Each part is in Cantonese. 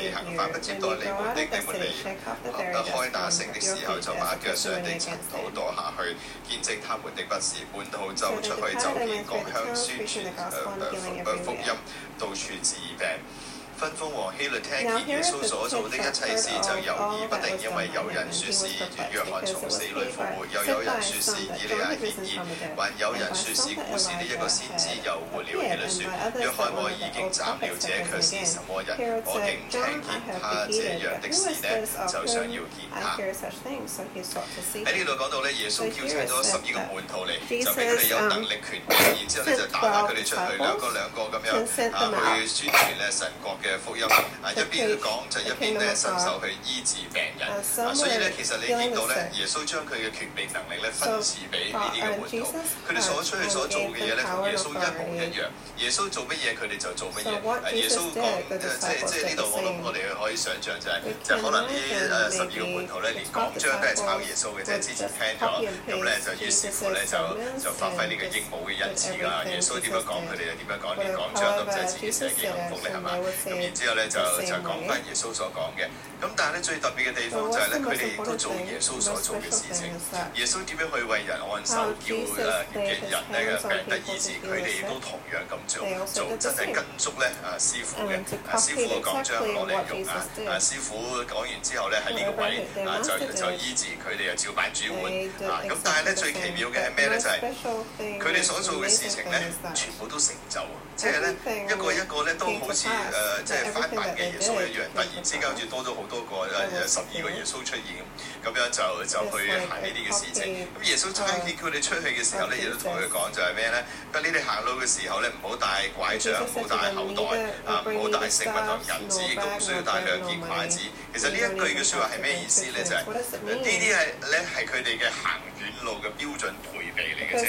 你行凡不接待你們的，你們得開打城的時候，就把腳上的塵土墮下去，見證他們的不是。半口走出去，走遍各鄉，宣傳誒誒福音，到處治病。吩咐的王希律聽見耶穌所做的一切事就猶豫不定，因為有人說是約翰從死裡復活，又有人說是以利亞顯現，還有人說是古時的一個先知又活了。希律說：約翰我已經斬了，這卻是什麼人？我竟聽見他這樣的事呢？就想要見他。喺呢度講到呢，耶穌叫請咗十二個門徒嚟，就俾佢哋有能力權柄，然之後呢，就打發佢哋出去兩個兩個咁樣嚇去宣傳咧神國嘅嘅福音啊，一邊講就一邊咧伸手去醫治病人啊，所以咧其實你見到咧，耶穌將佢嘅權柄能力咧分賜俾呢啲嘅門徒，佢哋所出去所做嘅嘢咧同耶穌一模一樣。耶穌做乜嘢佢哋就做乜嘢。耶穌講，即即呢度我我哋可以想象就係，即可能呢十二個門徒咧連講章都係抄耶穌嘅，即之前聽咗咁咧就於是乎咧就就發揮呢個鸚鵡嘅恩賜㗎。耶穌點樣講佢哋就點樣講，連講章都唔使自己寫幾幸福咧係嘛？然之後咧就就講翻耶穌所講嘅。咁但係咧最特別嘅地方就係咧佢哋都做耶穌所做嘅事情，耶穌點樣去為人按手叫嘅人咧嘅人得醫治，佢哋都同樣咁做，做真係跟足咧啊師傅嘅，啊師傅嘅講章攞嚟用啊，啊師傅講完之後咧喺呢個位啊就就醫治，佢哋就照辦煮碗啊，咁但係咧最奇妙嘅係咩咧？就係佢哋所做嘅事情咧全部都成就，即係咧一個一個咧都好似誒。即係翻版嘅耶穌一樣。突然之間好似多咗好多個，十二個耶穌出現咁，咁樣就就去行呢啲嘅事情。咁耶穌差啲佢哋出去嘅時候咧，亦、嗯、都同佢講就係咩咧？不，你哋行路嘅時候咧，唔好帶拐杖，唔好帶口袋，啊，唔好帶食物同銀紙，都唔需要帶兩件筷子。其實呢一句嘅説話係咩意思咧？就係呢啲係咧係佢哋嘅行遠路嘅標準配備嚟嘅啫。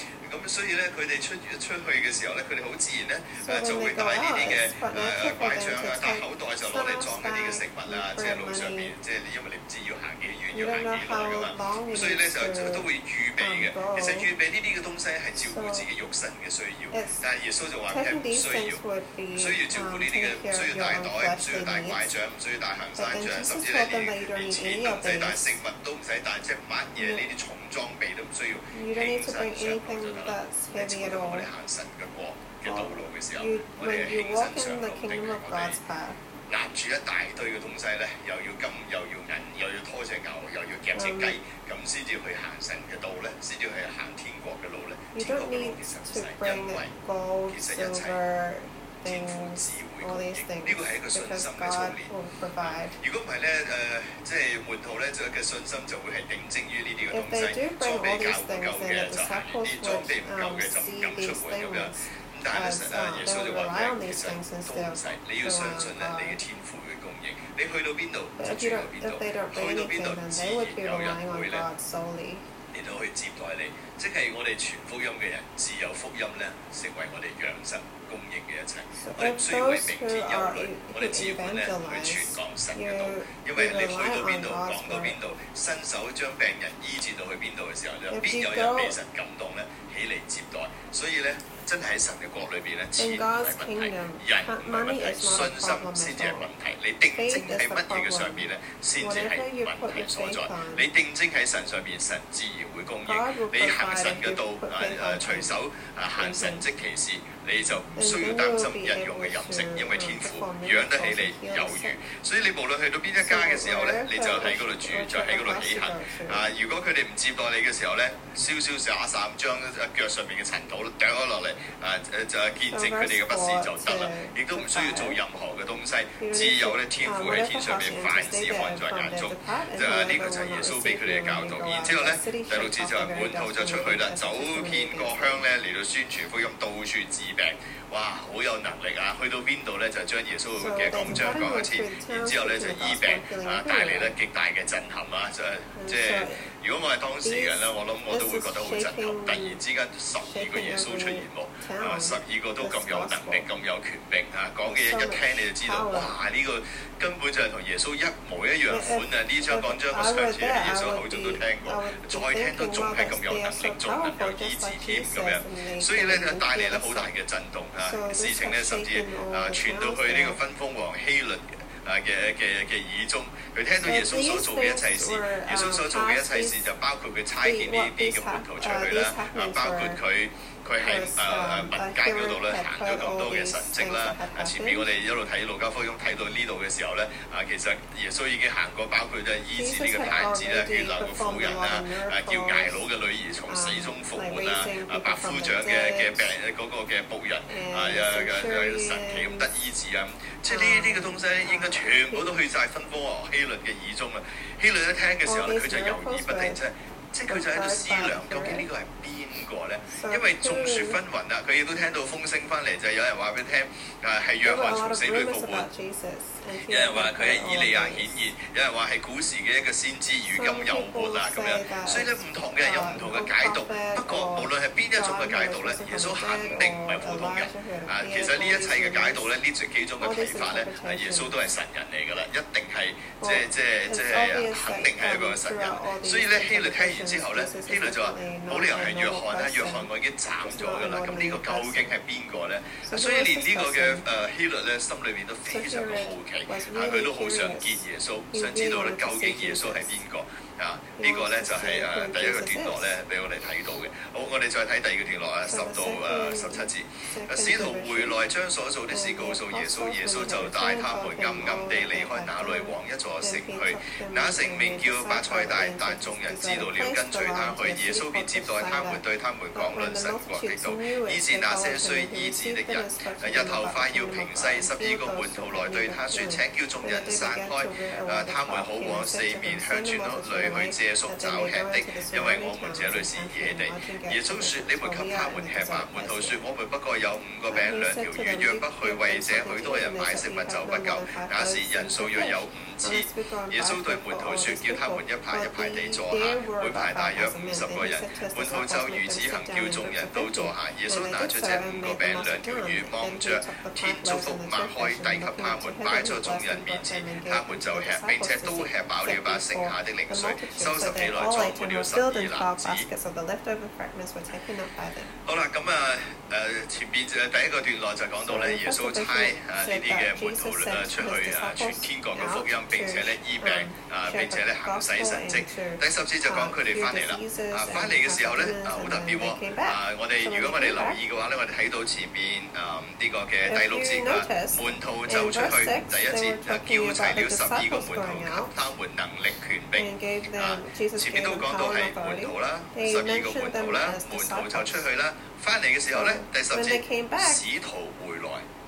咁所以咧，佢哋出出去嘅時候咧，佢哋好自然咧，誒就會帶呢啲嘅誒誒拐杖啊，帶口袋就攞嚟裝嗰啲嘅食物啊，即係路上邊，即係你因為你唔知要行幾遠，要行幾耐噶嘛。咁所以咧就都會預備嘅。其實預備呢啲嘅東西係照顧自己肉身嘅需要，但係耶穌就話唔需要，唔需要照顧呢啲嘅，唔需要帶袋，唔需要帶拐杖，唔需要帶行山杖，甚至你連連錢，都唔使帶帶食物都唔使帶，即係乜嘢呢啲重。裝備都唔需要。輕身上路就得啦。你知道我哋行神嘅國嘅道路嘅時候，我哋係輕身上路定係我哋壓住一大堆嘅東西呢，又要金，又要銀，又要拖隻牛，又要夾隻雞。噉先至去行神嘅道呢，先至去行天國嘅路呢。天國嘅路其實就係，因為其實一切。天父自會供應，呢個係一個信心嘅操練。如果唔係咧，誒，即係門徒咧，就一個信心就會係定睛於呢啲嘅東西，裝備唔夠嘅，就係啲裝備唔夠嘅就唔敢出門。咁但係實，耶穌就話咧，實際嘅東西，你要相信咧，你嘅天父會供應，你去到邊度，出到邊度，去到邊度，自有人會咧去接待你。即係我哋全福音嘅人，自由福音咧，成為我哋養生。供應嘅一切，我哋唔需要為明天憂慮。我哋只管咧去全港神嘅度，因為你去到邊度講到邊度，伸手將病人醫治到去邊度嘅時候，兩邊有人俾神感動咧起嚟接待，所以咧。真係喺神嘅國裏邊咧，錢唔係問題，人唔係問題，信心先至係問題，你定睛喺乜嘢嘅上邊咧，先至係問題所在。你定睛喺神上邊，神自然會供應，你行神嘅道，誒、啊、隨、啊、手誒、啊、行神蹟奇事，你就唔需要擔心人用嘅飲食，因為天父養得起你有餘。所以你無論去到邊一家嘅時候咧，你就喺嗰度住，就喺嗰度起行。啊，如果佢哋唔接待你嘅時候咧，瀟瀟灑灑將腳上面嘅塵土掟咗落嚟。啊誒，就係見證佢哋嘅不是就得啦，亦都唔需要做任何嘅東西，只有咧天父喺天上邊凡事看在眼中，就係呢個就係耶穌俾佢哋嘅教導。然之後咧，第六節就係門徒就出去啦，走遍各鄉咧，嚟到宣傳福音，到處治病，哇，好有能力啊！去到邊度咧就將耶穌嘅講章講一次，然之後咧就醫病啊，帶嚟咧極大嘅震撼啊！嗯、就係即係。如果我係當事人咧，我諗我都會覺得好震撼。突然之間，十二個耶穌出現喎，十二個都咁有能力、咁有權柄。啊！講嘅嘢一聽你就知道，哇！呢個根本就係同耶穌一模一樣款啊！呢張講章，我上次耶穌口中都聽過，再聽都仲係咁有能力、仲能夠醫治添咁樣，所以咧帶嚟咧好大嘅震動啊！事情咧甚至啊傳到去呢個分封王希律嘅嘅嘅耳中，佢聽到耶穌所做嘅一切事，耶穌所做嘅一切事就包括佢差遣呢啲咁嘅門徒出去啦，啊，包括佢。佢喺誒民間嗰度咧行咗咁多嘅神跡啦，啊前面我哋一路睇路加福音，睇到呢度嘅時候咧，啊其實耶穌已經行過，包括咗醫治呢個癱子啦，血漏嘅婦人啊，啊叫睚魯嘅女兒從死中復活啊，啊百夫長嘅嘅病人嗰個嘅僕人啊，神奇咁得醫治啊，即係呢啲嘅東西應該全部都去晒分封希律嘅耳中啊，希律一聽嘅時候咧，佢就猶豫不定，即即係佢就喺度思量究竟呢個係邊？So, 因為眾說紛紜啦，佢亦都聽到風聲翻嚟就是、有人話俾你聽，啊係約翰從死裡復活，有人話佢係以利亞顯現，有人話係古時嘅一個先知如今有活啊咁樣，所以咧唔同嘅人有唔同嘅解讀，不過無論係邊一種嘅解讀咧，耶穌肯定唔係普通人啊！其實呢一切嘅解讀咧，呢幾種嘅睇法咧，啊耶穌都係神人嚟㗎啦，一定係即即即肯定係一個神人，所以咧希律聽完之後咧，希律就話冇理由係約翰。約翰，我已經斬咗㗎啦，咁呢個究竟係邊個咧？所以連呢個嘅誒、呃、希律咧心裏面都非常嘅好奇吓。佢、啊、都好想見耶穌，想知道咧究竟耶穌係邊個。呢、啊這個呢就係、是、誒、呃、第一個段落呢俾我哋睇到嘅。好，我哋再睇第二個段落啊，十到誒、呃、十七節、啊。使徒回來將所做的事告訴耶穌，耶穌就帶他們暗暗地離開那裏，往一座城去。那城名叫伯賽大，但眾人知道了，跟隨他去。耶穌便接待他們，對他們講論神國的道，醫治那些需醫治的人，日頭快要平西，十二個門徒來對他說，請叫眾人散開，誒、呃，他們好往四面鄉村屋裏。去借宿找吃的，因為我們這裏是野地。耶穌說：「你們給他們吃吧。門徒說：「我們不過有五個餅兩條魚，若不去為這許多人買食物就不夠。」假使人數約有五。耶穌對門徒説：叫他們一排一排地坐下，每排大約五十個人。門徒就如此行，叫眾人都坐下。耶穌拿出這五個餅、兩條魚，望著天祝福，擘開，遞給他們，擺在眾人面前。他們就吃，並且都吃飽了，把剩下的零碎收拾起來，裝滿了十二籃子。好啦，咁啊，誒前面，誒第一個段落就講到咧，耶穌差啊，呢啲嘅門徒出去啊傳天國嘅福音。啊並且咧醫病啊！並且咧行使神蹟。第十節就講佢哋翻嚟啦。啊，翻嚟嘅時候咧啊，好特別喎！啊，我哋如果我哋留意嘅話咧，我哋睇到前面啊呢個嘅第六節啊，門徒就出去。第一節啊，叫齊了十二個門徒，給他們能力權柄啊！前面都講到係門徒啦，十二個門徒啦，門徒就出去啦。翻嚟嘅時候咧，第十節，使徒回來。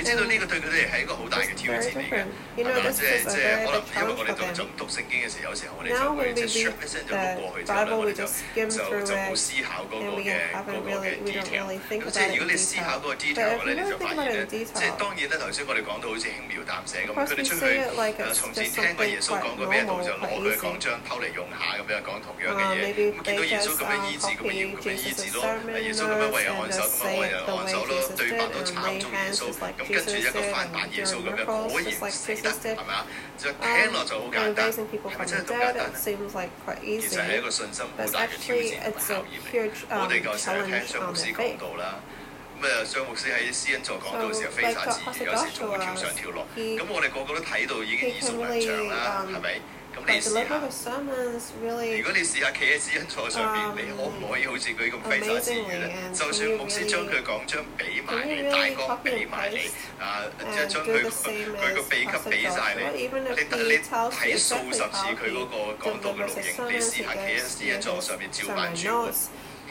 你知道呢個對佢哋係一個好大嘅挑戰嚟㗎，係咪啊？即係即係可能，因為我哋就就讀聖經嘅時候，有時候我哋就會即係唰一聲就讀過去就啦，我哋就就就冇思考嗰個嘅嗰個嘅 detail。咁即係如果你思考嗰個 detail 咧，你就發現咧，即係當然啦。頭先我哋講到好似輕描淡寫咁，佢哋出去從前聽過耶穌講過邊一度就攞佢講章偷嚟用下咁樣講同樣嘅嘢。咁見到耶穌咁樣醫治嗰邊，咁樣醫治咯。係耶穌咁樣為人按手，咁樣為人按手咯。對話到差唔多耶穌咁。跟住一個翻版耶穌咁樣可以贏死得，係咪啊？就聽落就好簡單，係咪好簡單？其實係一個信心好大嘅挑戰同考驗嚟。我哋舊時係聽商牧師講到啦，咁誒商牧師喺私隱座講到成飛散紙，有時仲跳上跳落，咁我哋個個都睇到已經耳熟能詳啦，係咪？咁你試下，如果你試下企喺施恩座上邊，你可唔可以好似佢咁揮灑自如咧？就算牧師將佢講章俾埋你，大綱俾埋你，啊，即係將佢佢個秘笈俾晒你，你你睇數十次佢嗰個講道嘅錄影，你試下企喺施恩座上邊照板煮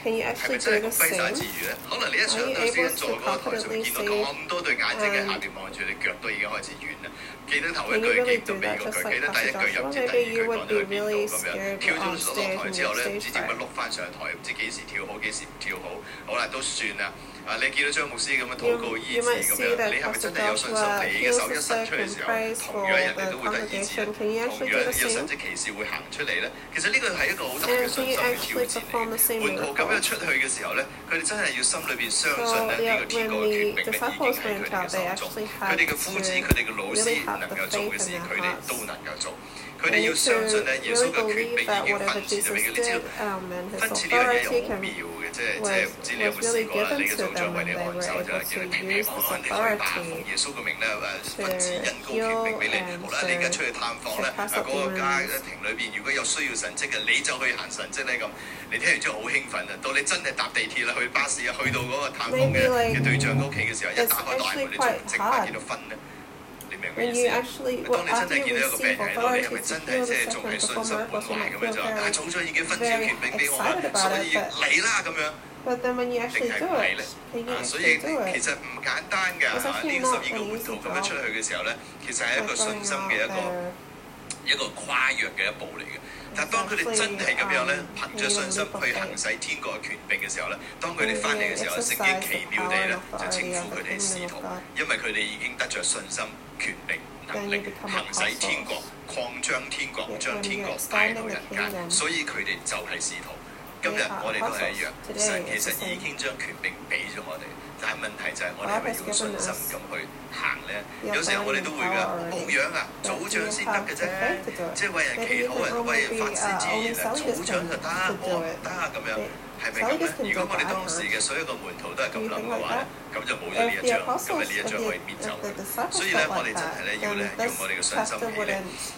係咪真係咁揮灑自如咧？可能你一上到先坐座嗰個台就見到咁多對眼睛喺下邊望住你，腳都已經開始軟啦。記得頭一句，記到尾嗰句，記得第一句，又唔知第二句講到去邊度咁樣，跳咗上台之後咧，唔知點樣碌翻上台，唔知幾時跳好，幾時唔跳好，好啦都算啦。啊！你見到張牧師咁嘅禱告、醫治咁樣，你係咪真係有信心你嘅手一伸出嚟嘅時候，如果人哋都會得醫治，如果有人有神跡奇事會行出嚟咧，其實呢個係一個好特別嘅信心嘅挑戰嚟嘅。每步咁樣出去嘅時候咧，佢哋真係要心裏邊相信咧，呢個天國決定嘅已經喺佢哋嘅手中。佢哋嘅夫子、佢哋嘅老師能夠做嘅事，佢哋都能夠做。佢哋要相信咧，耶穌嘅權柄已經分賜咗俾佢，即係分賜啲嘢又好妙嘅，即係唔知你有冇試過啦。你嘅對象為你按手就係見面嘅，我開手就係為辦奉耶穌嘅名咧，話分賜恩高權柄俾你。好啦，你而家出去探訪咧，啊嗰個街咧亭裏邊如果有需要神蹟嘅，你就去行神蹟咧咁。你聽完之後好興奮啊！到你真係搭地鐵啦，去巴士啊，去到嗰個探訪嘅嘅對象屋企嘅時候，一打開袋袋，哋出嚟即刻見到分咧。當你真係見到一個病人喺度，你係咪真係即係仲係信心滿懷咁就做？但係總之已經分銷權俾我啦，所以你啦咁樣。定係唔嚟咧？所以其實唔簡單㗎，嚇！呢十二個門徒咁樣出去嘅時候咧，其實係一個信心嘅一個一個跨越嘅一步嚟嘅。但當佢哋真係咁樣咧，憑着信心去行使天國嘅權力嘅時候咧，當佢哋翻嚟嘅時候，聖經奇妙地咧就稱呼佢哋係使徒，因為佢哋已經得着信心、權力、能力，行使天國、擴張天國，將天國帶到人間，所以佢哋就係使徒。今日我哋都係一樣，神其實已經將權力俾咗我哋。但係問題就係我哋係咪要信心咁去行咧？有時候我哋都會噶牧養啊，組長先得嘅啫，即係為人祈禱，為人為法師知啊，組長就得，冇得啊咁樣。係咪咁咧？So、如果我哋當時嘅所有個門徒都係咁諗嘅話咧，咁 就冇咗呢一張，咁咪呢一張可以滅走。Like、that，所以咧，我哋真係咧要咧用我哋嘅信心去咧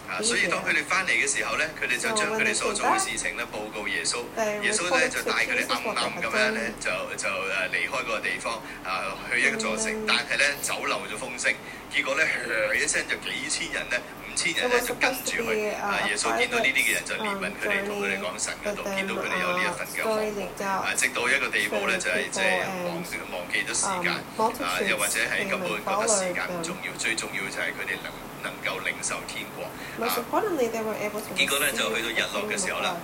嚇。所以當佢哋翻嚟嘅時候咧，佢哋就將佢哋所做嘅事情咧報告耶穌。So、that，耶穌咧就帶佢哋暗暗咁樣咧就就誒離開嗰個地方啊，去一個座城，mm hmm。但係咧走漏咗風聲，結果咧、呃、一聲就幾千人咧。千人咧就跟住去，啊！耶穌見到呢啲嘅人就憐憫佢哋，同佢哋講神嘅道，見到佢哋有呢一份嘅渴望，啊！直到一個地步咧，就係即係忘忘記咗時間啊！又、嗯、或者係根本覺得時間唔重要，嗯、最重要就係佢哋能。能夠領受天國。結果咧就去到日落嘅時候啦。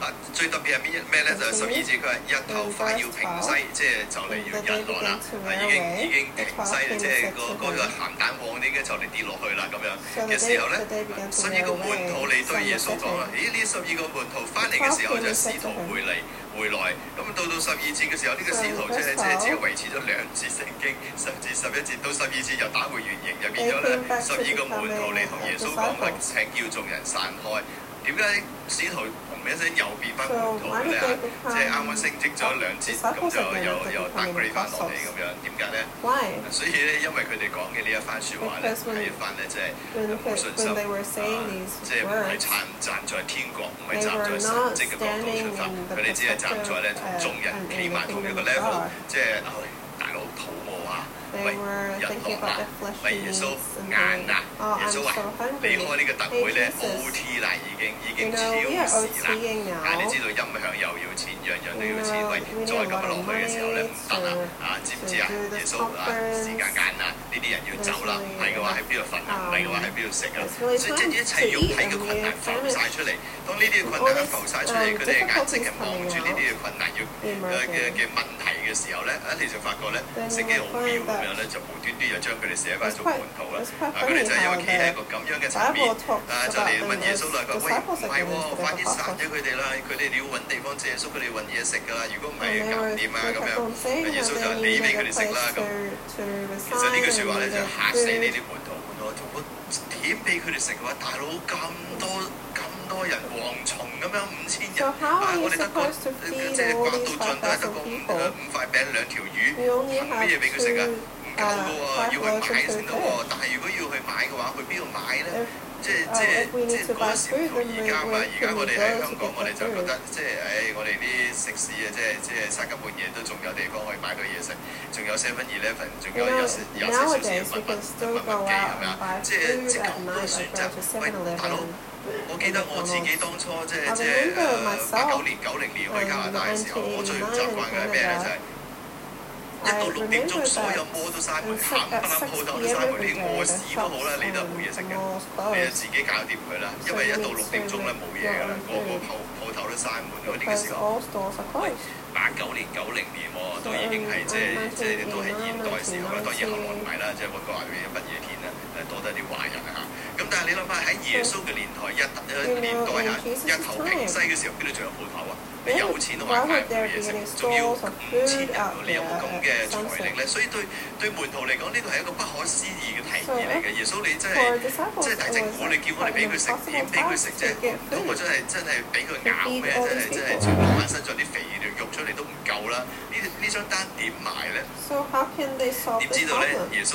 啊，最特別係邊咩咧？就係十二節佢係日頭快要平西，即係就嚟要日落啦。啊，已經已經平西，即係個嗰個鹹蛋黃已嘅就嚟跌落去啦咁樣。嘅時候咧，十二個門徒嚟對耶穌講啦：咦，呢十二個門徒翻嚟嘅時候就使徒會嚟。回來，咁到到十二節嘅時候，呢個使徒即係即係只係維持咗兩節聖經，十節十一節到十二節又打回原形，又變咗咧十二個門徒，你同耶穌講話，請叫眾人散開。點解使徒唔一聲又變翻門徒咧？即係啱啱升職咗兩節，咁就又又打回翻落嚟咁樣。所以咧，因為佢哋講嘅呢一番説話咧係一番咧，即係冇信心即係唔係站站在天國，唔係站在神職嘅角度出發，佢哋只係站在咧同眾人企埋同一個 level，即係大佬肚餓啊，喂，係人好白，耶穌硬啊！耶穌話：離開呢個特會咧，OT 啦，已經已經超時啦。但係，你知道音響又要錢，樣樣都要錢。喂，再咁樣落去嘅時候咧，唔得啦！啊，知唔知啊？耶穌啊，時間揀啊，呢啲人要走啦。唔係嘅話喺邊度瞓啊？唔係嘅話喺邊度食啊？所以即係一切用睇嘅困難浮曬出嚟。當呢啲嘅困難浮曬出嚟，佢哋嘅眼睛係望住呢啲嘅困難，要嘅嘅嘅問題嘅時候咧，啊你就發覺咧，聖經好妙咁樣咧，就無端端就將佢哋寫翻做盤圖啦。啊，佢哋就係要。企喺個咁樣嘅層面，啊就嚟問耶穌啦，講，喂唔係喎，快啲散咗佢哋啦，佢哋你要揾地方借宿，佢哋揾嘢食噶啦，如果唔係點啊咁樣。啊耶穌就話你俾佢哋食啦咁。其實呢句説話咧就嚇死你啲門徒，門徒點俾佢哋食嘅話，大佬咁多咁多人蝗蟲咁樣五千人，啊我哋得個即係刮到盡都係得個五五塊餅兩條魚，咩嘢俾佢食啊？教嘅喎，要去買先得喎。但係如果要去買嘅話，去邊度買咧？即係即係即係嗰陣時唔同而家嘛。而家我哋喺香港，我哋就覺得即係誒，我哋啲食肆啊，即係即係三更半夜都仲有地方可以買到嘢食，仲有 Seven Eleven，仲有有有少少乜乜乜記係咪啊？即係即刻選擇去 Seven Eleven。喂，大佬，我記得我自己當初即係即係誒八九年九零年去加拿大嘅時候，我最唔習慣嘅係咩咧？就係。一到六點鐘，所有鋪都閂門，行不攬鋪頭都閂門，你屙屎都好啦，你都冇嘢食嘅，你啊自己搞掂佢啦，因為一到六點鐘咧冇嘢噶啦，個個鋪鋪頭都閂門，嗰啲嘅時候，八九年九零年。都已經係即係即係都喺現代嘅時候啦，當然後來買啦，即係話句話，佢有乜嘢片咧？誒，多得啲壞人啊嚇！咁但係你諗下喺耶穌嘅年代，一誒年代啊，日頭平西嘅時候，邊度仲有門徒啊？你有錢都係買唔到嘢食，仲要五千人你有冇咁嘅財力咧，所以對對門徒嚟講，呢個係一個不可思議嘅提議嚟嘅。耶穌你真係真係大隻我，你叫我哋俾佢食，點俾佢食啫？咁我真係真係俾佢咬咩啊？真係真係全部揾身上啲肥。好啦，呢呢張單點埋咧？點知道咧？耶穌誒，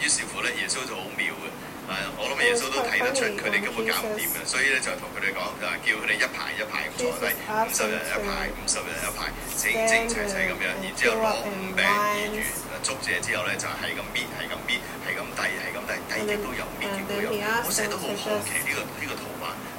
於是乎咧，耶穌就好妙嘅。誒，我諗耶穌都睇得出佢哋根本搞唔掂嘅，所以咧就同佢哋講，就話叫佢哋一排一排咁坐低，五十人一排，五十人一排，整整齊齊咁樣，然之後攞五餅，二魚捉住之後咧，就係咁搣，係咁搣，係咁遞，係咁遞，遞到都有，搣到都有。我成日都好好奇呢個呢個圖。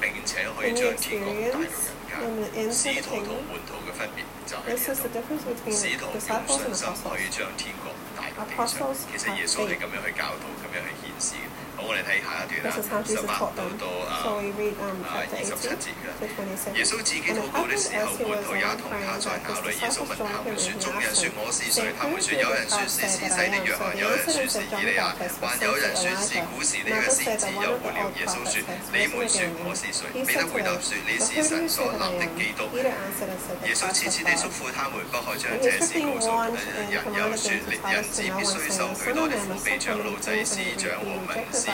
並且可以將天國帶入人間。使徒同門徒嘅分別就係：使徒有信心可以將天國帶到地上。其實耶穌係咁樣去教導，咁樣去顯示。我哋睇下一段啦，十八到啊二十七節嘅。耶穌自己禱告的時候，門徒也同他在一起。後來耶穌問他們說：眾人說我是誰？他們說有人說是施洗的約翰，有人說是以利亞，還有人說是古時的先知又活了。於是，門徒了耶穌說：你們說我是誰？彼得回答說：你是神所立的基督。耶穌切切地囑咐他們：不可將這事告訴人。人有說力，人子必須受許多的苦，被長老祭司長和文士。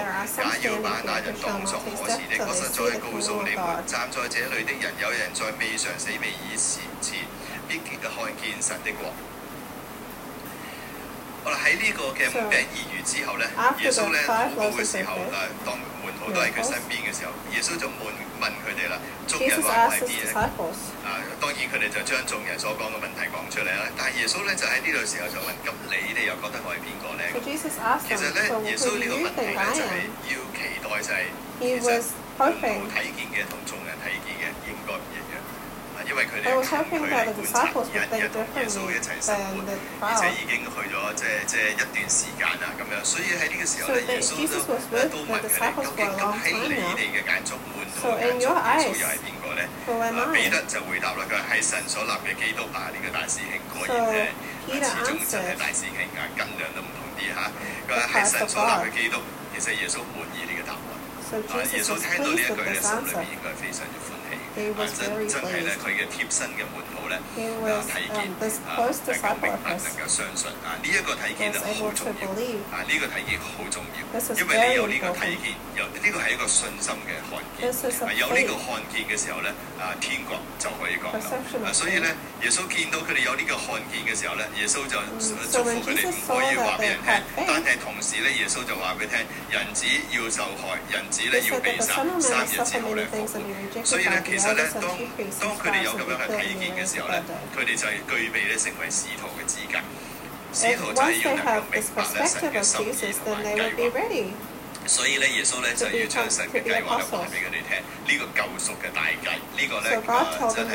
也要把那人當作可恥的。我實在告訴你們，站在這裏的人，有人在未嘗死未以前，前，必看見神的國。好啦，喺呢個嘅病已愈之後呢，耶穌呢禱告嘅時候啊，當。好多喺佢身邊嘅時候，耶穌就問問佢哋啦，眾人話我係啲咧。啊，當然佢哋就將眾人所講嘅問題講出嚟啦。但係耶穌咧就喺呢度時候就問：咁你哋又覺得我係邊個咧？其實咧，耶穌呢個問題咧就係要期待就係其實冇睇見嘅，同眾人睇見嘅。因為佢哋去觀察，啊，同耶穌一齊生活，而且已經去咗即即一段時間啦。咁樣，所以喺呢個時候咧，耶穌都一到問佢哋究竟喺你哋嘅眼中滿意嘅眼中，耶穌又係邊個咧？啊，彼得就回答啦，佢話係神所立嘅基督啊！呢個大師兄果然咧，始終真係大師兄啊，斤兩都唔同啲嚇。佢話係神所立嘅基督，其實耶穌滿意呢個答案。啊，耶穌聽到呢一句咧，佢嘅心裏面應該係非常之歡。真真係咧，佢嘅貼身嘅門徒咧，睇見啊，能夠明白，能夠相信啊！呢一個睇見好重要啊！呢個睇見好重要，因為你有呢個睇見，有呢個係一個信心嘅看見，係有呢個看見嘅時候咧。啊，天國就可以講到啊，所以咧，耶穌見到佢哋有呢個看見嘅時候咧，耶穌就祝福佢哋，唔可以話俾人聽。但係同時咧，耶穌就話俾佢聽，人子要受害，人子咧要被殺，三日之後咧復活，所以咧，其實咧，當當佢哋有咁樣嘅體見嘅時候咧，佢哋就係具備咧成為使徒嘅資格。使徒就係有能力明白咧神嘅心意同埋計劃。所以咧，耶穌咧就要將神嘅計劃講埋俾佢哋聽，呢個救贖嘅大計，呢個咧誒真係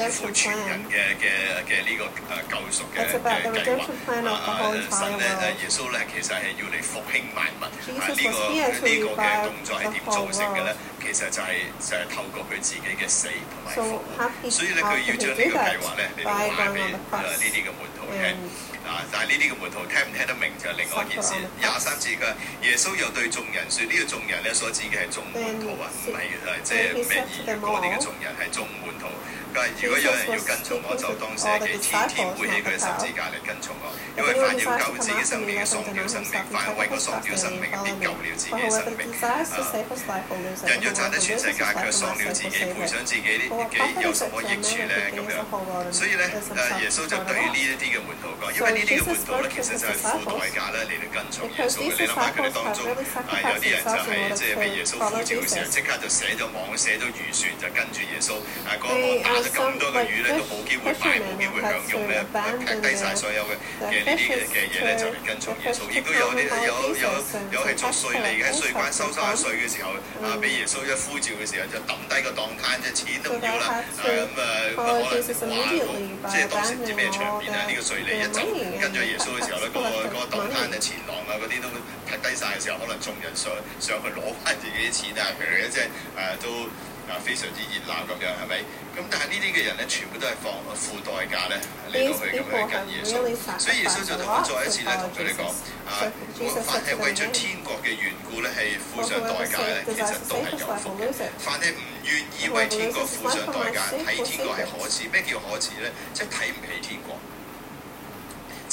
近乎全人嘅嘅嘅呢個誒救贖嘅嘅計劃。啊神咧誒耶穌咧其實係要你復興萬物，係呢個呢個嘅動作係點做成嘅咧？其實就係就係透過佢自己嘅死同埋復活。所以咧，佢要將呢個計劃咧，你哋講俾啊呢啲嘅門徒聽。嗱、啊，但係呢啲嘅門徒聽唔聽得明就係另外一件事。廿三節嘅耶穌又對眾人說：嗯「呢個眾人咧所指嘅係眾門徒啊，唔係，誒，即係咩意？嗰啲嘅眾人係眾門徒。如果有人要跟從我，就當捨己，天天背起佢嘅十字架嚟跟從我，因為凡要救自己生命嘅喪掉生命，凡為嗰喪掉生命而救了自己生命，人若賺得全世界，卻喪了自己，賠上自己，有什麼益處呢咁樣。所以咧，啊耶穌就對呢一啲嘅門徒講，因為呢啲嘅門徒咧，其實就係付代價咧你哋跟從耶穌嘅啦，包括咧當中，係有啲人就係即係俾耶穌呼召嘅時候，即刻就寫咗網，寫咗預算就跟住耶穌，啊嗰個咁多嘅魚咧都冇機會賣，冇機會享用咧，劈低晒所有嘅嘅嘅嘅嘢咧，就跟從耶穌。亦都有啲有有有係作稅吏喺稅關收收下稅嘅時候，啊，俾耶穌一呼召嘅時候，就抌低個檔攤，即係錢都唔要啦。咁啊，可能幻到即係當時唔知咩場面咧？呢個稅吏一走，跟住耶穌嘅時候咧，嗰個嗰個檔攤嘅錢囊啊，嗰啲都劈低晒嘅時候，可能眾人上上去攞翻自己啲錢啊，譬如一即係誒都。啊！非常之熱鬧咁樣，係咪？咁但係呢啲嘅人咧，全部都係放付代價咧嚟到去咁去跟耶穌。所以耶穌就同我再一次咧，同佢哋講：啊，凡係為著天國嘅緣故咧，係付上代價咧，其實都係有福嘅。凡係唔願意為天國付上代價，睇天國係可恥。咩叫可恥咧？即係睇唔起天國。」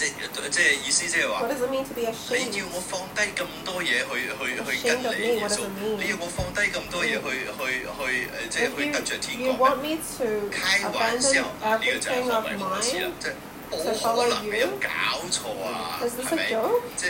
即係意思即係話，你要我放低咁多嘢去去去跟你做，你要我放低咁多嘢去去去，誒，即係去得著天國，開玩笑。呢個就係所謂嘅一次啦，即係冇可能，你有搞錯啊，係咪即係。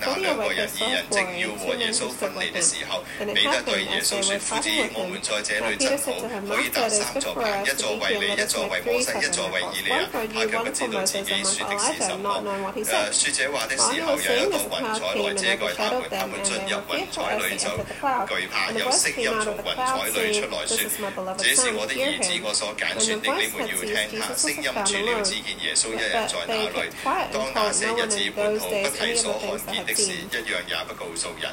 那兩個人二人正要和耶穌分離的時候，彼得對耶穌說：「夫子，我們在這裡真好，可以搭三座棚，一座為你，一座為我，剩一座為兒子。他卻不知道自己說的是什麼。誒，說這話的時候，有一個雲彩來遮蓋他們，他們進入雲彩裏就懼怕。有聲音從雲彩裏出來說：「這是我的兒子，我所揀選的，你們要聽他。」聲音住了，只見耶穌一人在那裏。當那些日子，門徒不睇所看見的事一樣也不告訴人。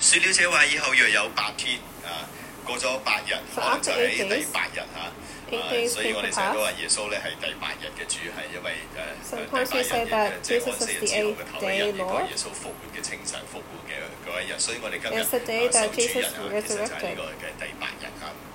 説了這話以後，若有八天啊，過咗八日，可能就喺第八日嚇，所以我哋成日都話耶穌咧係第八日嘅主，係因為誒第八日嘅即係四朝嘅頭一日，當耶穌復活嘅清晨復活嘅嗰一日，所以我哋今日復活主日啊，其實就係呢個嘅第八日啊。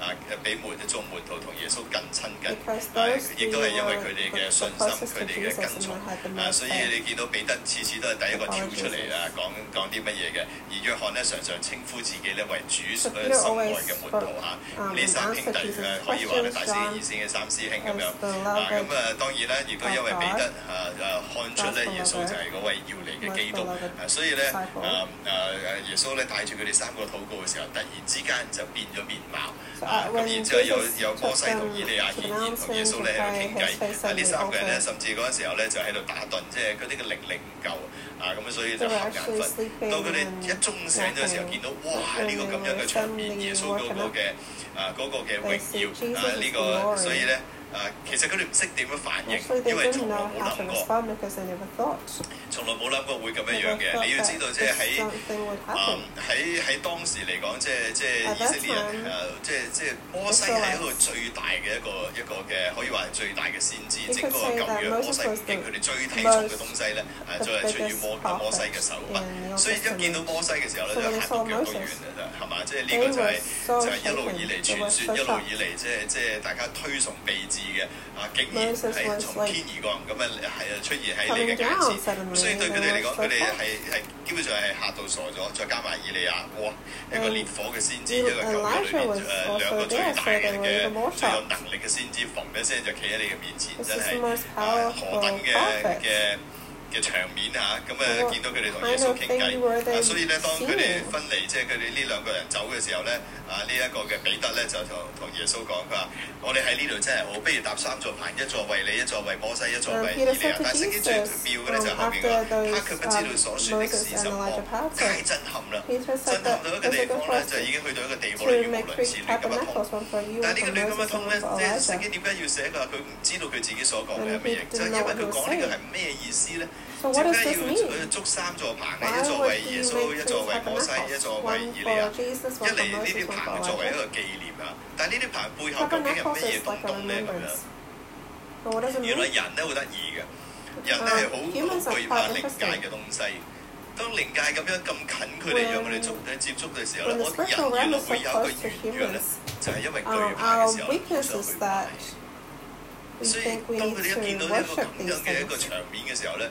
啊！俾門做門徒同耶穌更親近，係亦都係因為佢哋嘅信心，佢哋嘅跟從啊，所以你見到彼得次次都係第一個跳出嚟啦，講講啲乜嘢嘅。而約翰咧，常常稱呼自己咧為主心愛嘅門徒嚇。呢三兄弟咧，可以話咧大師兄二師兄嘅三師兄咁樣啊。咁啊，當然啦，亦都因為彼得啊啊看出咧耶穌就係嗰位要嚟嘅基督啊，所以咧啊啊耶穌咧帶住佢哋三個禱告嘅時候，突然之間就變咗面貌。啊！咁然之後有有摩西同以利亞顯現，同耶穌咧喺度傾偈。啊！呢三個人咧，甚至嗰陣時候咧就喺度打盹，即係佢哋嘅靈力唔夠。啊！咁所以就瞌眼瞓。到佢哋一中醒咗嘅時候，見到哇！呢個咁樣嘅場面，耶穌嗰個嘅啊嗰個嘅榮耀啊呢個，所以咧。啊，其實佢哋唔識點樣反應，因為從來冇諗過，從來冇諗過會咁樣樣嘅。你要知道，即係喺啊喺喺當時嚟講，即係即係以色列人誒，即係即係摩西係一個最大嘅一個一個嘅，可以話係最大嘅先知。整個咁樣摩西係佢哋最睇重嘅東西咧，誒，就係出於摩摩西嘅手筆。所以一見到摩西嘅時候咧，就嚇到腳都軟啦，就係嘛。即係呢個就係就係一路以嚟傳說一路以嚟即係即係大家推崇備至。嘅啊，竟然係從天而降，咁啊係啊出現喺你嘅眼前，所以對佢哋嚟講，佢哋係係基本上係嚇到傻咗，再加埋以利亞，哇！一個烈火嘅先知，一個舊約裏邊，誒兩個最大嘅最有能力嘅先知，嘣一聲就企喺你嘅面前，真係啊何等嘅嘅嘅場面啊，咁誒見到佢哋同耶穌傾偈，所以咧，當佢哋分離，即係佢哋呢兩個人走嘅時候咧，啊呢一個嘅彼得咧就同同耶穌講，佢話：我哋喺呢度真係好，不如搭三座棚，一座為你，一座為摩西、yeah>,，一座為 Elijah。但聖經最妙嘅咧就係後面話，他卻不知道所說的是甚麼，太震撼啦！震撼到一個地方咧，就已經去到一個地方，語無倫次，亂咁一通。但呢個亂咁一通咧，聖經點解要寫㗎？佢唔知道佢自己所講嘅係乜嘢，就係因為佢講呢個係咩意思咧？即係要，如果要捉三座棚，一座為耶穌，一座為摩西，一座為以利亞！一嚟呢啲棚作為一個紀念啊，但係呢啲棚背後究竟係乜嘢東東呢？原來人都好得意嘅，人咧係好懼怕靈界嘅東西。當靈界咁樣咁近佢哋，讓我哋捉、等接觸嘅時候，我人會唔會有個疑樣咧？就係因為懼怕嘅時候，我會懷疑。所以當佢哋一見到一個咁樣嘅一個場面嘅時候咧。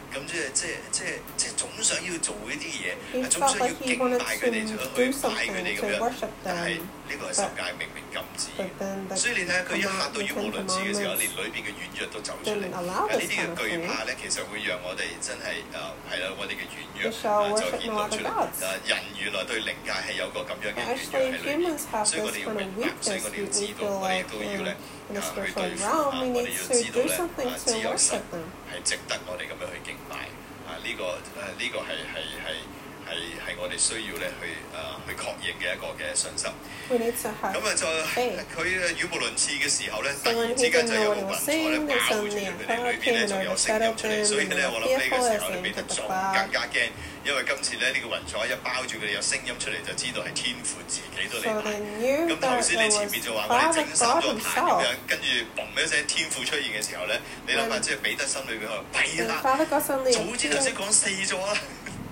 咁即係，即係，即係，即係，總想要做一啲嘢，總想要敬拜佢哋，再去拜佢哋咁樣。但係呢個係十界明明禁止。所以你睇佢一嚇到語無倫次嘅時候，連裏邊嘅軟弱都走出嚟。係呢啲嘅懼怕咧，其實會讓我哋真係啊，係啦，我哋嘅軟弱啊，顯露出嚟。啊，人原來對靈界係有個咁樣嘅軟弱。所以我哋要留意，所以我哋要知道嘅多啲，對啦，啊，要對付，我哋要知道咧。係值得我哋咁樣去敬拜啊！呢個誒，啊，呢個係係係。係係我哋需要咧去啊去確認嘅一個嘅信心。咁啊係佢語無倫次嘅時候咧，突然之間就有個雲彩咧包住住佢哋裏邊咧，仲有聲音出嚟，所以咧我諗呢個時候彼得仲更加驚，因為今次咧呢個雲彩一包住佢哋有聲音出嚟，就知道係天父自己都嚟埋。咁頭先你前面就話我哋整三咗太陽，跟住嘣一聲天父出現嘅時候咧，你諗下即係彼得心裏邊佢話弊啦，早知頭先講四座啦。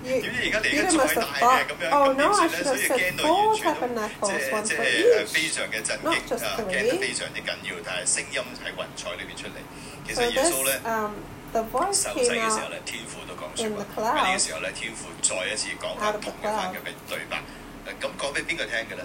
點知而家嚟個彩大嘅咁樣咁點算呢，所以亦驚到完全，即係即係誒非常嘅震驚，驚得非常之緊要。但係聲音喺雲彩裏邊出嚟，其實耶穌咧手勢嘅時候咧，天父都講出嚟，呢個時候咧，天父再一次講埋同一班人嘅對白。誒咁講俾邊個聽㗎咧？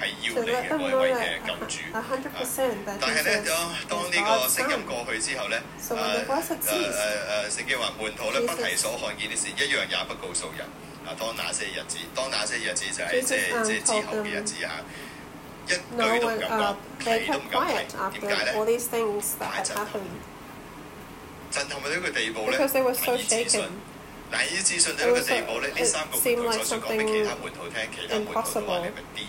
係要你嘅位位嘅救主。嗱，係咗 percent，但係但係咧，當當呢個聲音過去之後咧，誒誒誒，聖經話門徒咧不提所看見啲事，一樣也不告訴人。嗱，當那些日子，當那些日子就係即係即係之後嘅日子下，一句都唔敢話，佢哋都唔敢提。點解咧？太震撼！震撼到呢個地步咧？啲資訊。嗱，依啲資訊到咗地步咧，呢三個門徒再想講俾其他門徒聽，其他門徒覺得你係咪癲？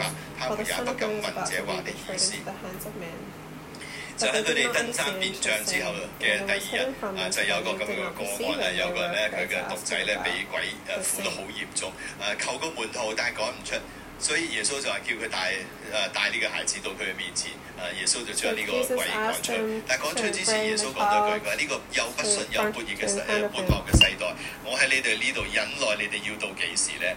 嗱，他們也不敢問這話的意思。就喺佢哋登山變像之後嘅第二日，啊，就有個咁樣嘅個案啊，有個人咧，佢嘅獨仔咧，俾鬼誒附得好嚴重，誒求個門徒，但係趕唔出，所以耶穌就話叫佢帶誒帶呢個孩子到佢嘅面前，誒耶穌就將呢個鬼趕出，但係趕出之前，耶穌講咗佢，佢話呢個又不信又叛逆嘅世誒叛惡嘅世代，我喺你哋呢度忍耐你哋要到幾時咧？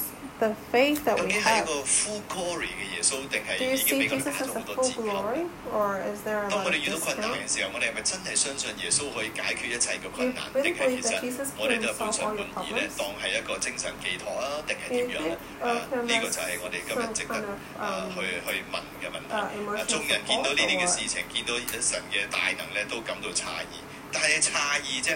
究竟係一個 full glory 嘅耶穌，定係已經俾佢哋打咗好多折扣？當我哋遇到困難嘅時候，我哋係咪真係相信耶穌可以解決一切嘅困難？定係其實我哋都係半信半疑咧，當係一個精神寄託啊，定係點樣咧？誒，呢個就係我哋今日值得誒去去問嘅問題。啊，眾人見到呢啲嘅事情，見到神嘅大能咧，都感到詫異。但係詫異啫。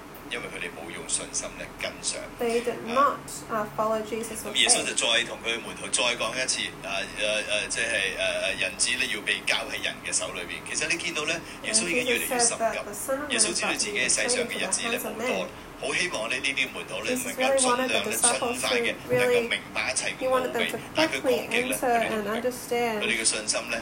因為佢哋冇用信心嚟跟上。咁耶穌就再同佢門徒再講一次，啊，誒誒，即係誒誒，人子咧要被交喺人嘅手裏邊。其實你見到咧，耶穌已經越嚟越深入，耶穌知道自己喺世上嘅日子咧好多，好希望咧呢啲門徒咧能夠儘量咧儘快嘅，能夠明白一切過嚟，但係佢嘅經歷咧，佢哋嘅信心咧。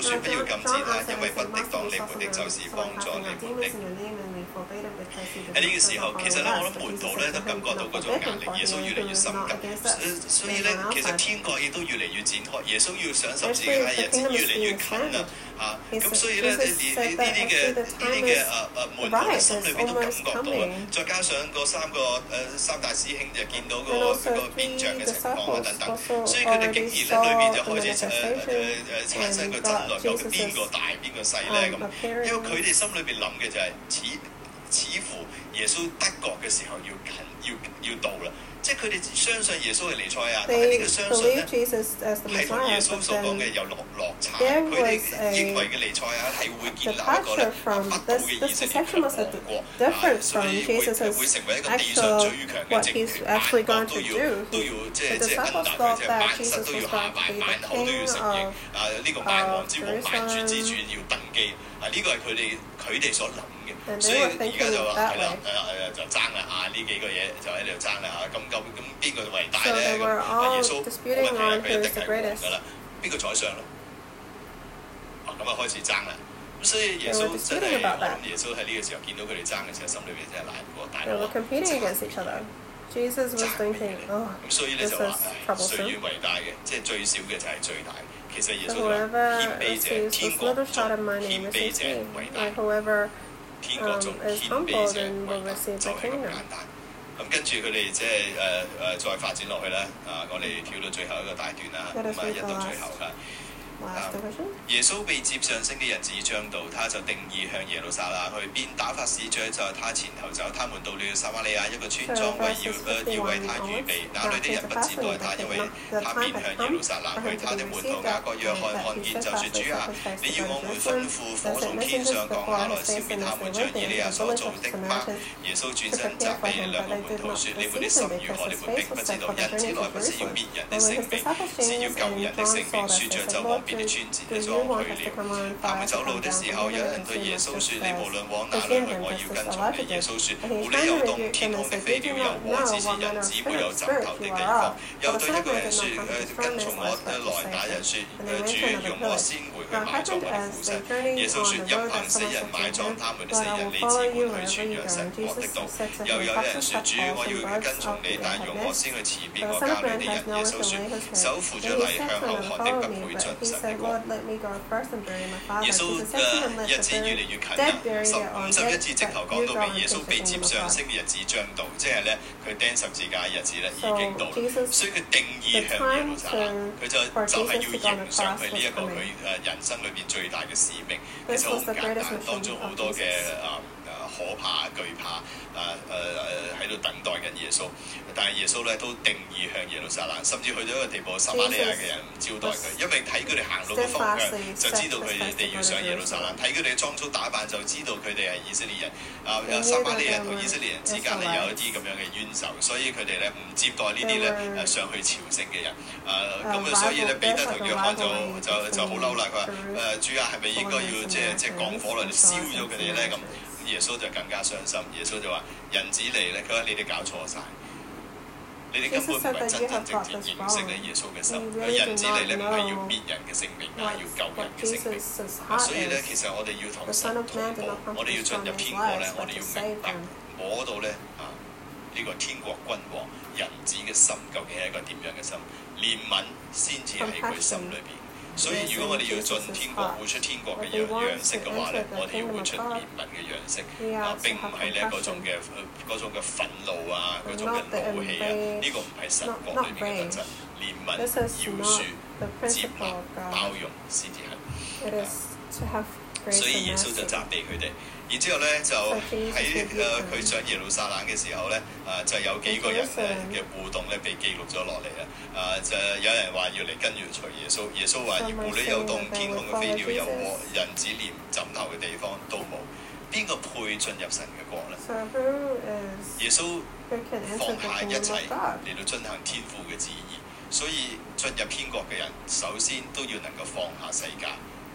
就算不要咁接啦，因為不敵擋你不敵就是幫助你不敵。喺呢個時候，其實咧，我諗門徒咧就感覺到嗰種壓力，耶穌越嚟越深，咁，所以咧，其實天國亦都越嚟越展開，耶穌要上十字架日子越嚟越近啦，嚇！咁所以咧，呢呢呢啲嘅呢啲嘅誒誒門徒心裏邊都感覺到啊，再加上嗰三個誒三大師兄就見到嗰個嗰個變象嘅情況啊等等，所以佢哋經已喺裏邊就開始誒誒誒產生個究竟邊個大邊個細咧？咁因為佢哋心裏邊諗嘅就係、是，似似乎耶穌得國嘅時候要近。要要到啦，即係佢哋相信耶穌係彌賽亞，但係呢個相信咧，係同耶穌所講嘅有落落差。佢哋以為嘅彌賽亞係會建立一個，不會變成王國。佢哋會會成為一個地上最強嘅政權，萬國都要都要即係即係一打佢，即係萬膝都要下拜，萬口都要承認。啊，呢個萬王之王、萬主之主要登基。啊！呢個係佢哋佢哋所諗嘅，所以而家就話係啦，係啦，就爭啦啊！呢幾個嘢就喺度爭啦嚇，咁咁咁邊個為大咧？啊！耶穌問題係佢哋定係我㗎啦？邊個宰相？咯？咁啊開始爭啦！咁所以耶穌真係耶穌喺呢個時候見到佢哋爭嘅時候，心裏邊真係難過。大我啊！爭咁所以咧就話啊，誰願為大嘅，即係最少嘅就係最大。其實亦做到，謙卑者天國在，謙卑者為大。謙卑者天國在，謙卑者為大。咁跟住佢哋即係誒誒再發展落去啦。啊！我哋跳到最後一個大段啦，唔係入到最後㗎。耶穌被接上升的日子，將到，他就定意向耶路撒冷去。便打發使者在他前頭走，他們到了撒瑪利亞一個村莊，為要為他預備。那裏的人不接待他，因為他便向耶路撒冷去。他的門徒雅各、約翰看見就説：主啊，你要我們吩咐火從天上降下來燒滅他們，像以利亞所做的嗎？耶穌轉身責備兩個門徒説：你們的心如何？你們並不知道，人子來不是要滅人的性命，是要救人的性命。説著就往他們走路的時候，有人對耶穌説：你無論往哪裏去，我要跟從你。耶穌説：狐狸有洞，天空的飛鳥有窩，只是人子沒有枕頭的地方。又對一個人説：跟從我來！那人説：主容我先回去埋葬我的父親。耶穌説：任憑死人埋葬，他們的死人，你只管去傳揚神國的道。又有人説：主我要跟從你，但容我先去辭別我家裏的人。耶穌説：手扶着犁向後看的，不配進。耶穌嘅日子越嚟越近啦，十五十一次直頭講到畀耶穌被接上升嘅日子將到，即係咧佢釘十字架嘅日子咧已經到啦。所以佢定義向耶路撒冷走，佢就就係要迎上去呢一個佢誒人生裏邊最大嘅使命，而且好唔簡單當中好多嘅誒。可怕、懼怕，啊誒誒，喺、呃、度等待緊耶穌。但係耶穌咧都定意向耶路撒冷，甚至去到一個地步，撒瑪利亞嘅人唔招待佢，因為睇佢哋行路嘅方向就知道佢哋要上耶路撒冷，睇佢哋裝束打扮就知道佢哋係以色列人。啊、呃，有撒瑪利亞人同以色列人之間係有一啲咁樣嘅冤仇，所以佢哋咧唔接待呢啲咧誒上去朝聖嘅人。啊、呃，咁、呃、啊、嗯，所以咧彼得同約翰就就就好嬲啦，佢話誒主啊，係咪應該要即係即係降火嚟燒咗佢哋咧咁？嗯嗯嗯嗯嗯。耶穌就更加傷心，耶穌就話：人子嚟咧，佢話你哋搞錯晒，你哋根本唔係真真正正認識緊耶穌嘅心。人子嚟咧，唔係要滅人嘅性命，係要救人嘅性命。所以咧，其實我哋要同神通報，我哋要進入天國咧，我哋要明白，摸到咧，啊，呢個天國君王人子嘅心究竟係一個點樣嘅心？憐憫先至喺佢心裏面。所以如果我哋要進天國，會出天國嘅樣式嘅話咧，我哋要會出憐憫嘅樣式，嗱，並唔係咧嗰種嘅嗰種嘅憤怒啊，嗰種嘅怒氣啊，呢個唔係神國裏面嘅特質，憐憫、饒恕、接納、包容先至係。所以耶穌就責備佢哋。然之後咧，就喺誒佢上耶路撒冷嘅時候咧，啊就有幾個人咧嘅互動咧被記錄咗落嚟啊！啊就有人話要嚟跟住隨耶穌，耶穌話：狐狸 <So much S 1> 有洞，天空嘅飛鳥有窩，人子連枕頭嘅地方都冇。邊個配進入神嘅國咧？So、who is, who 耶穌放下一切嚟到進行天父嘅旨意，所以進入天國嘅人首先都要能夠放下世界。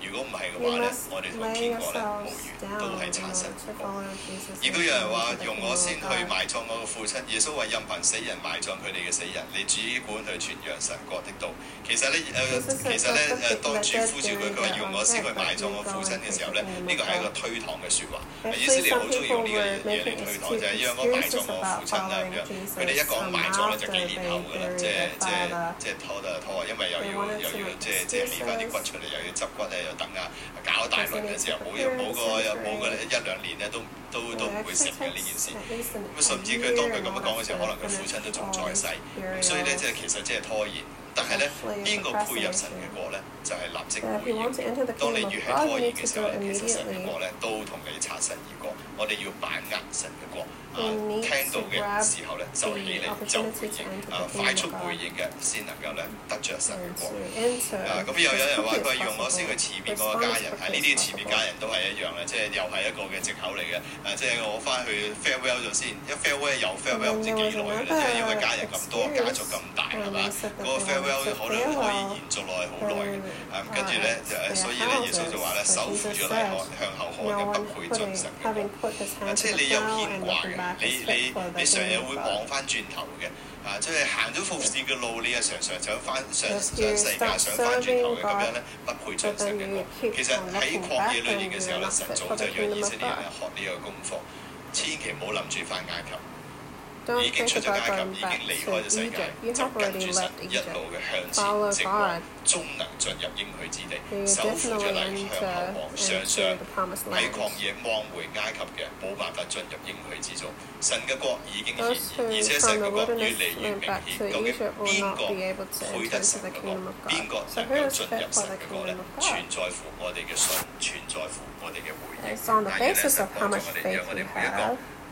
如果唔係嘅話咧，我哋同天國咧無緣，都係擦身而過，亦都有人話用我先去埋葬我嘅父親。耶穌為任憑死人埋葬佢哋嘅死人，你主管去傳揚神國的道。其實咧誒，其實咧誒，當主呼召佢，佢話用我先去埋葬我父親嘅時候咧，呢個係一個推搪嘅説話。意思你好中意用呢個嘢嚟推搪，就係因為我埋葬我父親啦咁樣。佢哋一講埋葬咧就幾年後㗎啦，即係即係即係拖得又拖，因為又要又要即係即係攞翻啲骨出嚟，又要執骨咧等啊，搞大殮嘅時候，冇冇過冇過一兩年咧，都都都唔會成嘅呢件事。咁甚至佢當佢咁樣講嘅時候，可能佢父親都仲在世。咁所以咧，即係其實即係拖延。但係咧，邊個配入神嘅國咧，就係立即入嘅。當你越係拖延嘅時候咧，其實神嘅國咧都同你擦身而過。我哋要把握神嘅國。啊，聽到嘅時候咧，就起嚟就回應啊，快速回應嘅先能夠咧得著神嘅國。啊，咁又有人話佢要我先去前面嗰個家人，係呢啲前面家人都係一樣嘅，即係又係一個嘅藉口嚟嘅。即係我翻去 farewell 咗先，一 farewell 又 farewell 唔知幾耐嘅咧，即係因為家人咁多，家族咁大係嘛，嗰個 farewell 可能可以延續落去好耐嘅。跟住咧就所以耶穌就話咧，守住個犁，向後看嘅不會進神。啊，即係你有牽掛嘅。你你你成日會望翻轉頭嘅，啊！即係行咗復線嘅路，你又常常想翻上上，上世界上，想翻轉頭嘅咁樣咧，不配作神嘅。我。其實喺曠野歷練嘅時候咧，神早就讓以色列人學呢個功課，千祈唔好諗住返埃及。已經出埃及，已經離開咗世界，就跟著一路嘅向前直往，終能進入應許之地。守護者向後望，上上喺曠野望回埃及嘅，冇辦法進入應許之中。神嘅國已經顯現，而且神嘅國越嚟越明顯。究竟邊個配得神嘅國，邊個能夠進入神嘅國咧？全在乎我哋嘅信，全在乎我哋嘅回應。但係咧，幫助我哋嘅，我哋有一個。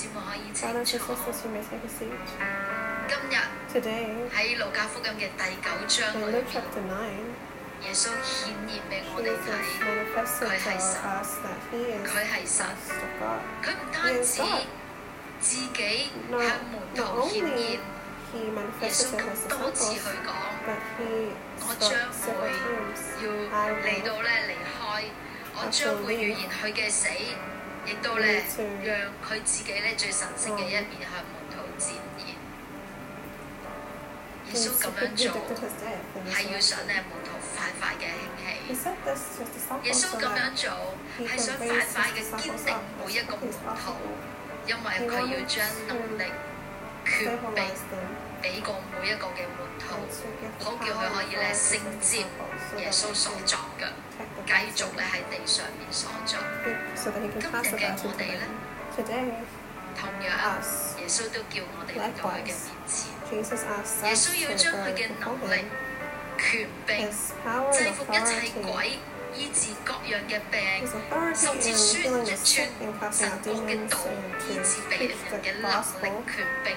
今日喺路加福音嘅第九章啦。耶穌顯現俾我哋睇佢係神，佢係神。佢唔單止自己喺門徒顯現，耶穌多次去講。我將會要嚟到咧離開，我將會預言佢嘅死。亦都咧，讓佢自己咧最神聖嘅一面 <Wow. S 1> 向門徒展現。耶穌咁樣做，係 要想咧門徒快快嘅興起。耶穌咁樣做，係 想快快嘅堅定每一個門徒，因為佢要將能力決定。俾個每一個嘅門徒，好叫佢可以咧承接耶穌所作嘅，繼續咧喺地上面所作。今日嘅我哋咧同 o 耶穌都叫我哋嚟到佢嘅面前。耶穌要將佢嘅能力、權柄，制服一切鬼，醫治各樣嘅病，甚至穿穿神功嘅道成體，被人嘅能力、疾柄。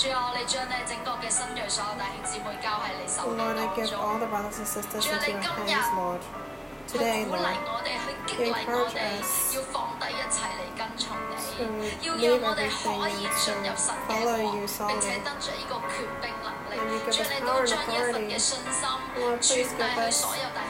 最後，我哋將你整個嘅新約所有弟兄姊妹交喺你手度主。我哋今日，你鼓勵我哋，我哋要放低一切嚟跟從你，要讓我哋可以進入神嘅國，並且得著呢個權柄能力。我哋都將呢一份嘅信心傳遞去所有大。